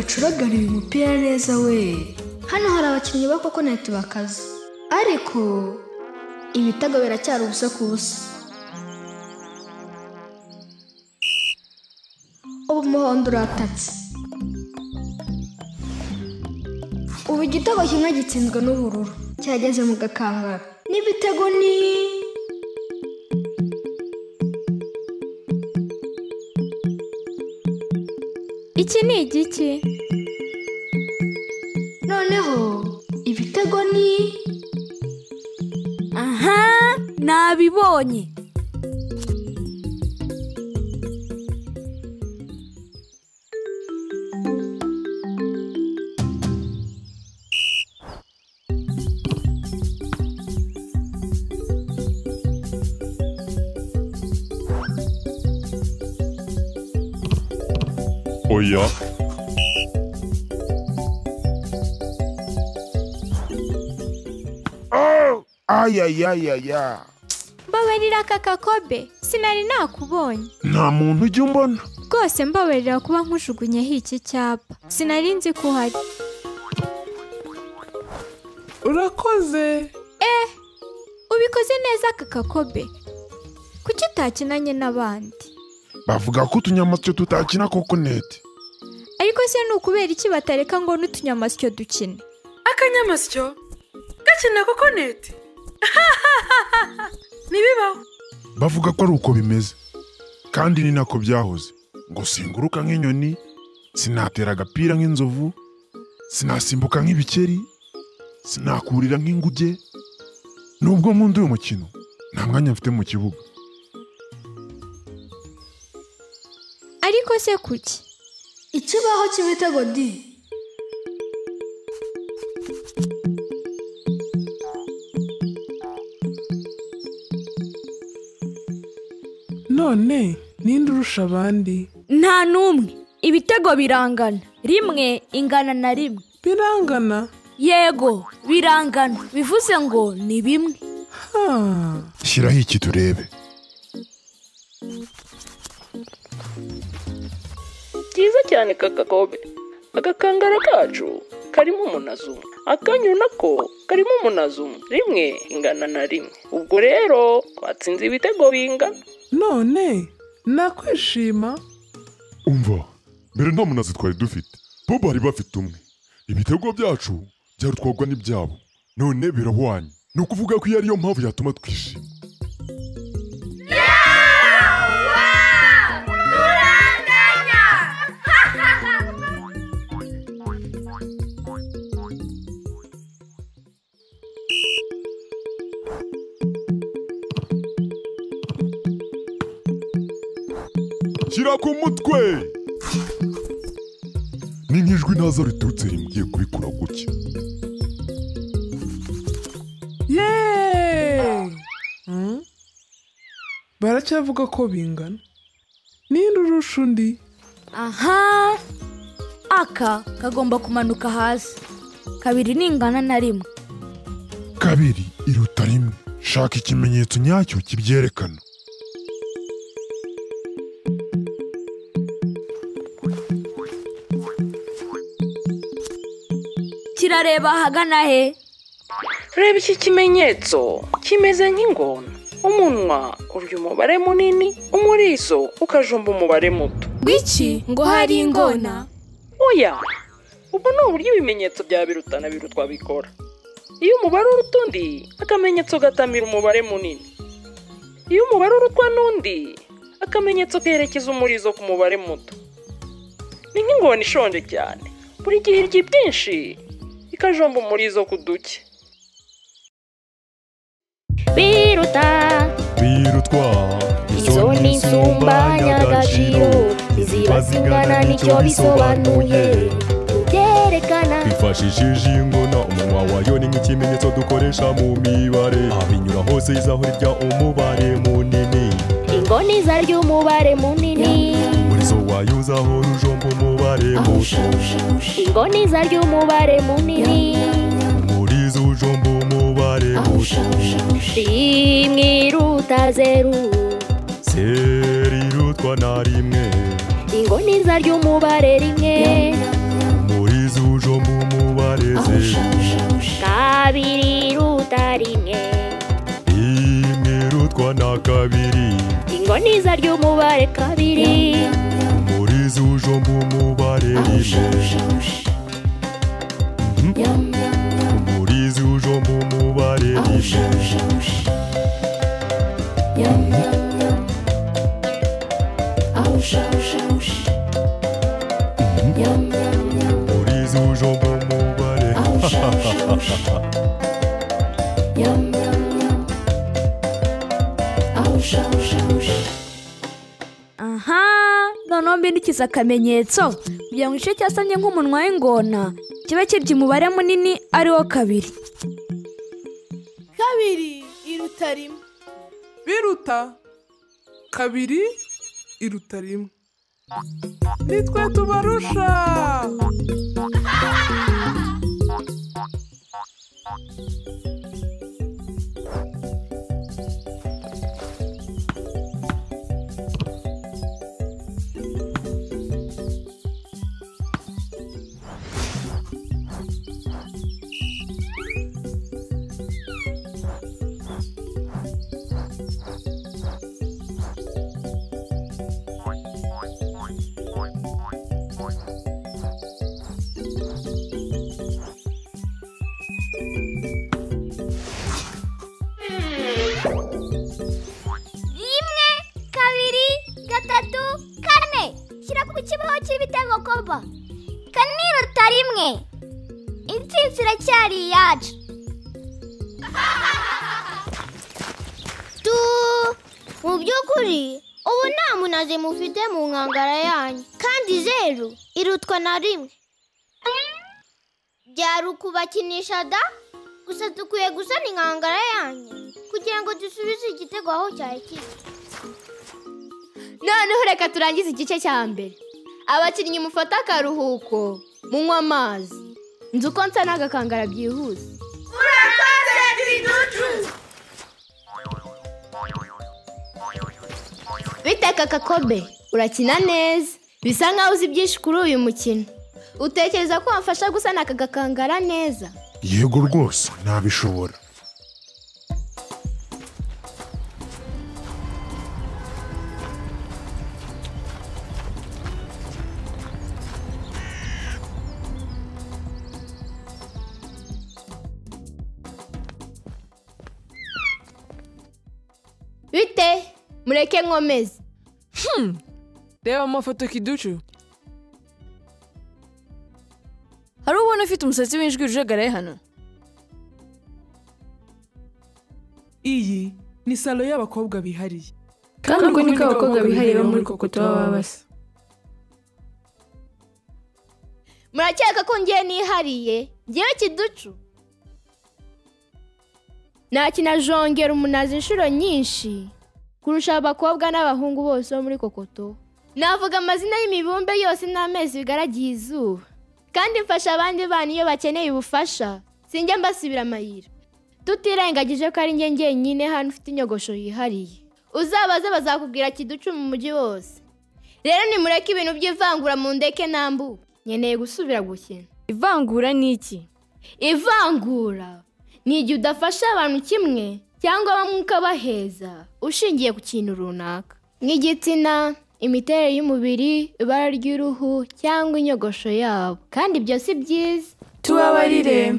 gacuraganira umupira neza we hano hari abakinnyi ba kokonati bakaze ariko ibitego biracyari ubusa ku busa ubu umuhondo uratatse ubu igitego kimwe gitsinzwe n'ubururu cyageze mu gakangara n'ibitego ni iki ni igiki nabibonye aha nabibonye Oya ayayayaya mbabarira kaka kobe sinari nakubonye nta muntu ujya umbona rwose mbabarira kuba nkujugunyeho iki cyapa sinari nzi ko uhari urakoze eh ubikoze neza kaka kobe kuki utakinanye n'abandi bavuga ko utunyamasyo tutakina koko nete ariko se ni ukubera iki batareka ngo n'utunyamasyo dukine akanyamasyo gakina koko nete ntibibaho bavuga ko ari uko bimeze kandi ni nako byahoze ngo singuruka nk'inyoni sinatera agapira nk'inzovu sinasimbuka nk'ibikeri sinakurira nk'inguge nubwo nkunda uyu mukino nta mwanya mfite mu kibuga ariko se kuki ikibaho cy'imitego di none ninde urusha abandi nta n'umwe ibitego birangana rimwe ingana na rimwe birangana yego birangana bivuze ngo ni bimwe shyiraho iki turebe byiza cyane kakagobe agakangara kacu karimo umunazu akanyuna ko karimo umunazu rimwe ingana na rimwe ubwo rero twatsinze ibitego bingana none nakwishima umva mbere nta munazi twari dufite bo bari bafite umwe ibitego byacu byarutwagwa n'ibyabo none birahwanye ni ukuvuga ko iyo ariyo mpamvu yatuma twishima shyira ku mutwe ni nk'ijwi ntaza riturutse rimbwiye kubikora gutya hmm? baracyavuga ko bingana ninde urusha undi aha aka kagomba kumanuka hasi kabiri ningana na rimwe kabiri iruta rimwe shaka ikimenyetso nyacyo kibyerekana irareba ahagana he reba iki kimenyetso kimeze nk'ingona umunwa urya umubare munini umurizo ukajumba umubare muto bw'iki ngo hari ingona oya ubu ni uburyo ibimenyetso bya biruta na birutwa bikora iyo umubare uruta undi akamenyetso gatamira umubare munini iyo umubare urutwa n'undi akamenyetso kerekeza umurizo ku mubare muto ni nk'ingona ishonje cyane buri gihe irya byinshi ikajomba umurizo ku duke biruta birutwa izo ni insumbanyagaciro iziba zingana nicyo bisobanuye byerekana ingona umunwa wayo ni nk'ikimenyetso dukoresha mu mibare abinyura hose izahora ijya umubare munini ingoni zarya umubare munini umurizo wayo uzahora ujomba umubare umubare muto ingoni zarya umubare munini muri zo jomba umubare muto rimwe zeru zeru irutwa na rimwe ingoni zarya umubare rimwe muri zo jomba umubare zeru kabiri iruta rimwe rimwe irutwa na kabiri ingoni zarya umubare kabiri Fez o jombo mubarelibê. kugaragaza akamenyetso kugira ngo igice cyasamye nk'umunwa w'ingona kiba kirya umubare munini ari wo kabiri kabiri iruta rimwe biruta kabiri iruta rimwe nitwe tubarusha yanyu kandi zeru irutwa na rimwe byari ukubakinisha da gusa dukwiye gusana inkangara yanyu kugira ngo dusubize igitego aho cyari kiri noneho reka turangize igice cya mbere abakinnyi mufata akaruhuko munywa amazi nzi uko nsa n'agakangara byihuse murakoze ducu biteka akakobe urakina neza bisa nkaho uzi byinshi kuri uyu mukino utekereza ko wamfasha gusana aka gakangara neza yego rwose nabishobora bite mureke nkomeze hmm, reba amafoto kiducu hari ubona ufite umusatsi w'injwi ujagaraye hano iyi ni salo y'abakobwa bihariye kandi ako niko abakobwa bihariye bo muri kokoto baba basa murakeka ko ngiye nihariye ngewe kiducu ntakinajongera umunazi inshuro nyinshi kurusha abakobwa n'abahungu bose bo muri kokoto navuga amazina y'imibumbe yose n'amezi bigaragiye izuba kandi mfasha abandi bana iyo bakeneye ubufasha sinjya mbasibira amayira tutirengagije ko ari njye ngenyine hano ufite inyogosho yihariye uzabaze bazakubwira kiducu mu mujyi wose rero nimureke ibintu by'ivangura mu ndeke nambu nkeneye gusubira gukina ivangura ni iki ivangura ni igihe udafasha abantu kimwe cyangwa bamwe ukabaheza ushingiye ku kintu runaka nk'igitsina imiterere y'umubiri ibara ry'uruhu cyangwa inyogosho yabo kandi ibyo si byiza tubabarire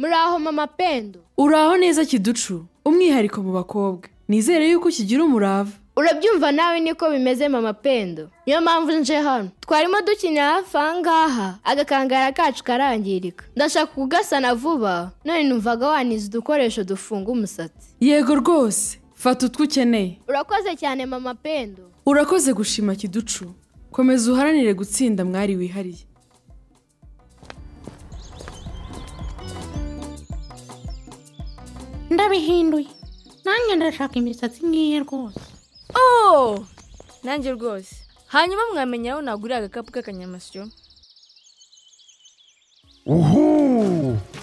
muraho mama pendo uraho neza kiducu umwihariko mu bakobwa nizere yuko ukigira umurava urabyumva nawe niko bimeze mama pendo niyo mpamvu nje hano twarimo dukinira hafi aha agakangara kacu karangirika ndashaka kugasana vuba none numvaga waniza udukoresho dufunga umusatsi yego rwose fata utwo ukeneye urakoze cyane mama pendo urakoze gushima kiducu komeza uharanire gutsinda mwari wihariye ndabihinduye nanjye ndashaka imisatsi nk’iye rwose ooo oh! nanjye rwose hanyuma mwamenya aho nagurira agakapu k'akanyamasyo uhu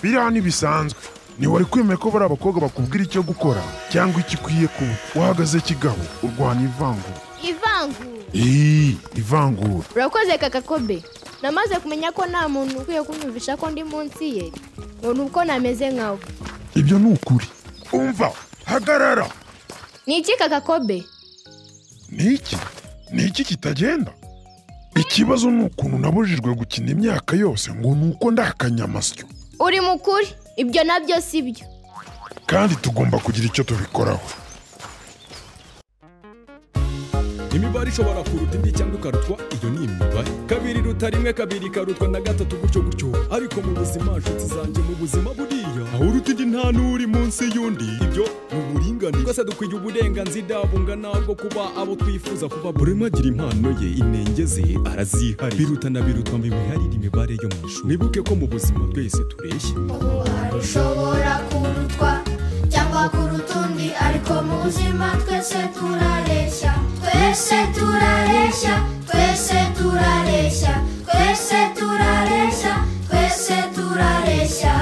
biriya ntibisanzwe ntiwari kwemeye ko bari abakobwa bakubwira icyo gukora cyangwa ikikwiye ukwiye kuba uhagaze kigabo urwanya ivangura ivangura eee ivangura urakoze kakakobe namaze kumenya ko nta muntu ukwiye kunyumvisha ko ndi munsi ye ngo ni uko nameze nkawe ibyo ni ukuri umva hagarara ni iki kakakobe ni iki ni iki kitagenda ikibazo ni ukuntu nabujijwe gukina imyaka yose ngo ni uko ndakanyamasyo akanyamasyo uri mukuri ibyo nabyo si byo kandi tugomba kugira icyo tubikoraho imibare ishobora kuruta indi cyangwa ikarutwa iyo ni imibare kabiri ruta rimwe kabiri ikarutwa na gatatu gutyo gutyo ariko mu buzima nshuti zanjye mu buzima buriya aho uruta indi nta n'uri munsi y'undi ibyo ni uburinganire twese dukwiye uburenganzira bungana bwo kuba abo twifuza kuba buri umwe agira impano ye inenge ze arazihariye biruta na birutwa mibiharire imibare yo mu ishuri mwibuke ko mu buzima twese tureshya ushobora kurutwa cyangwa kuruta undi ariko mu buzima twese turareshya Kwesetura lesia, kwesetura lesia, kwesetura lesia, kwesetura lesia.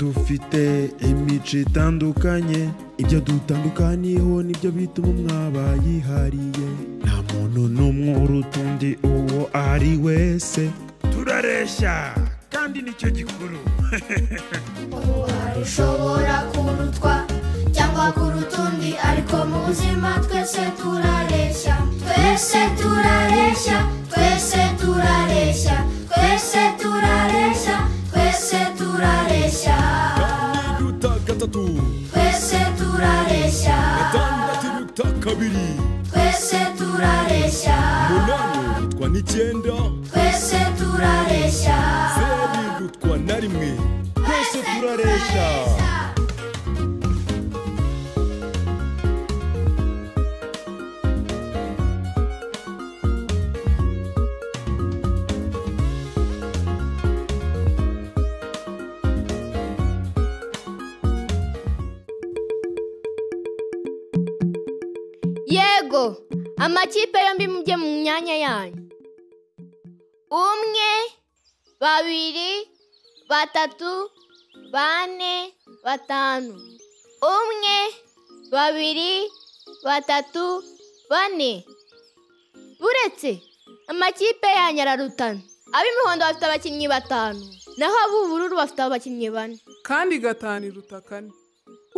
dufite imico itandukanye ibyo dutandukaniyeho nibyo bituma yihariye nta muntu n'umwe uruta undi uwo ari wese turareshya kandi nicyo gikuru ushobora kurutwa cyangwa kuruta undi ariko mu buzima twese turareshya twese turareshya twese turareshya twese turareshya turareshya kandi gatatu twese turareshya gatandatu biruta kabiri twese turareshya umunani birutwa n'icyenda twese turareshya zeru birutwa na rimwe twese turareshya yego amakipe yombi mujye mu myanya yanyu umwe babiri batatu bane batanu umwe babiri batatu bane buretse amakipe yanyararutana ab'imihondo bafite abakinnyi batanu naho ab'ubururu bafite abakinnyi bane kandi gatanu iruta kane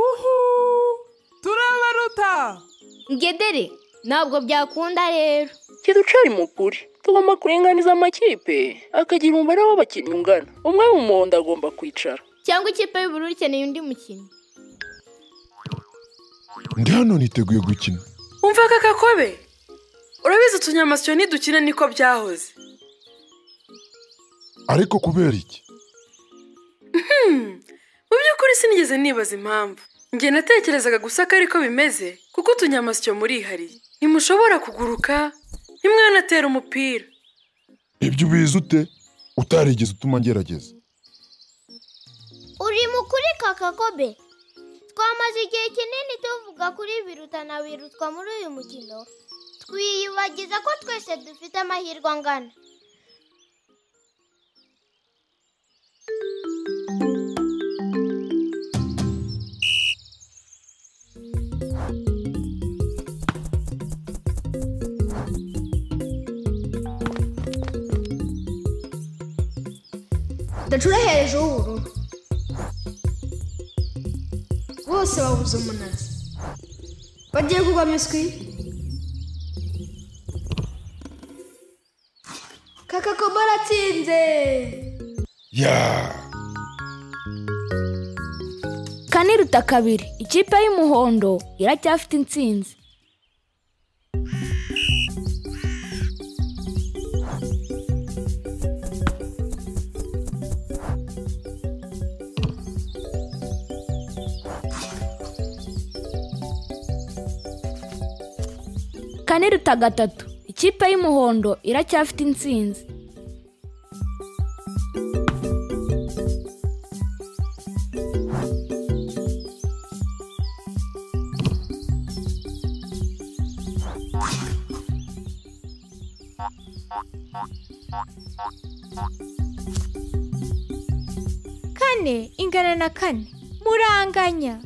uhu turabaruta ngedere ntabwo byakunda rero kiducari mukuri tugomba kurenganiza amakipe akagira umubare w'abakinnyi ungana umwe w'umuhondo agomba kwicara cyangwa ikipe y'ubururu ikeneye undi mukinnyi ndi hano niteguye gukina umva aka gakobe urabizi utunyamasyo nidukina niko byahoze ariko kubera iki hmm, mu by'ukuri sinigeze nibaza impamvu njye natekerezaga gusa ko ariko bimeze kuko utunyamasyo murihariye ntimushobora kuguruka ntimwanatera umupira ibyo ubizi ute utarigeze utuma ngerageza uri mukuri kakagobe twamaze igihe kinini tuvuga kuri biruta na birutwa muri uyu mukino twiyibagiza ko twese dufite amahirwe angana The hejuru w'ubururu bose babuze umunazi bagiye kugwa miswi kaka kobo aratsinze kaniruta kabiri ikipe y'umuhondo iracyafite intsinzi kane ruta gatatu ikipe y'umuhondo iracyafite insinzi kane ingana na kane muranganya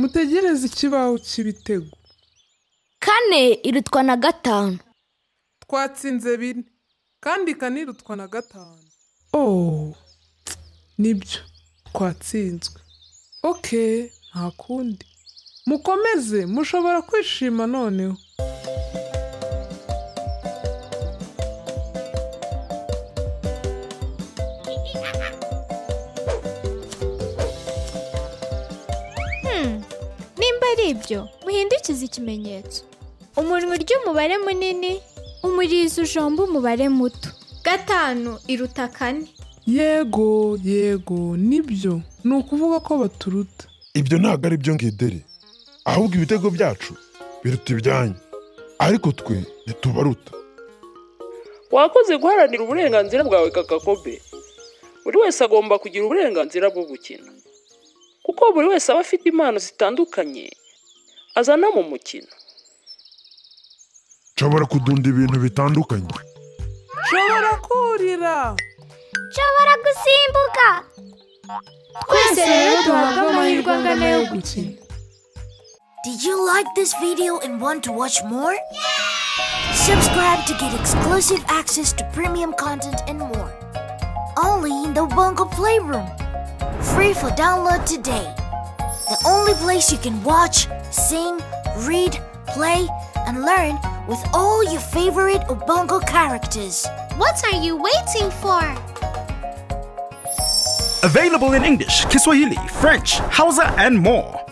mutegereze ikibaho cy'ibitego kane irutwa na gatanu twatsinze bine kandi kane irutwa na gatanu ooo oh, nibyo twatsinzwe oke nta kundi mukomeze mushobora kwishima noneho ibyo muhindukize ikimenyetso umunwa urya umubare munini umurizo ujomba umubare muto gatanu iruta kane yego yego nibyo ni ukuvuga ko baturuta ibyo ntabwo ari byo ngedere ahubwo ibitego byacu biruta ibyanyu ariko twe ntitubaruta wakoze guharanira uburenganzira bwawe kakakobe buri wese agomba kugira uburenganzira bwo gukina kuko buri wese aba afite impano zitandukanye azana mu mukino nshobora kudunda ibintu bitandukanye nshobora kurira nshobora gusimbuka twese rero duhabwa amahirwe angana yo gukina Did you like this video and want to watch more? Yeah! Subscribe to get exclusive access to premium content and more. Only in the Bongo Playroom. Free for download today the only place you can watch, sing, read, play, and learn with all your favorite Ubongo characters. What are you waiting for? Available in English, Kiswahili, French, Hausa, and more.